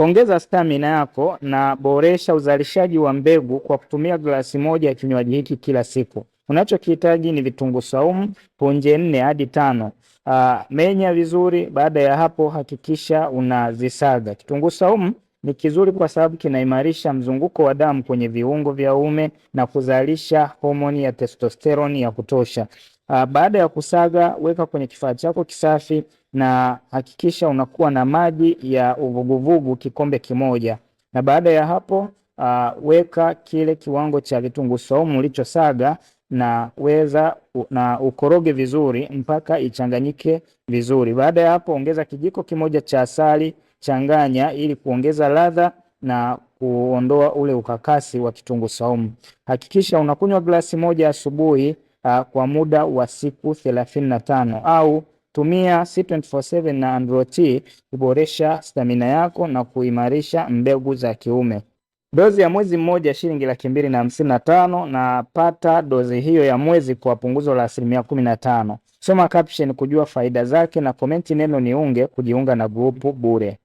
Ongeza stamina yako na boresha uzalishaji wa mbegu kwa kutumia glasi moja ya kinywaji hiki kila siku. Unachokihitaji ni vitunguu saumu punje nne hadi tano. Uh, menya vizuri. Baada ya hapo, hakikisha unazisaga. Kitunguu saumu ni kizuri kwa sababu kinaimarisha mzunguko wa damu kwenye viungo vya uume na kuzalisha homoni ya testosteroni ya kutosha. Uh, baada ya kusaga, weka kwenye kifaa chako kisafi na hakikisha unakuwa na maji ya uvuguvugu kikombe kimoja, na baada ya hapo uh, weka kile kiwango cha vitunguu saumu ulichosaga na weza na ukoroge vizuri mpaka ichanganyike vizuri. Baada ya hapo, ongeza kijiko kimoja cha asali, changanya ili kuongeza ladha na kuondoa ule ukakasi wa kitunguu saumu. Hakikisha unakunywa glasi moja asubuhi uh, kwa muda wa siku thelathini na tano au Tumia C24/7 na Andro-T kuboresha stamina yako na kuimarisha mbegu za kiume. Dozi ya mwezi mmoja shilingi laki mbili na hamsini na tano na pata dozi hiyo ya mwezi kwa punguzo la asilimia kumi na tano. Soma caption kujua faida zake na komenti neno niunge kujiunga na grupu bure.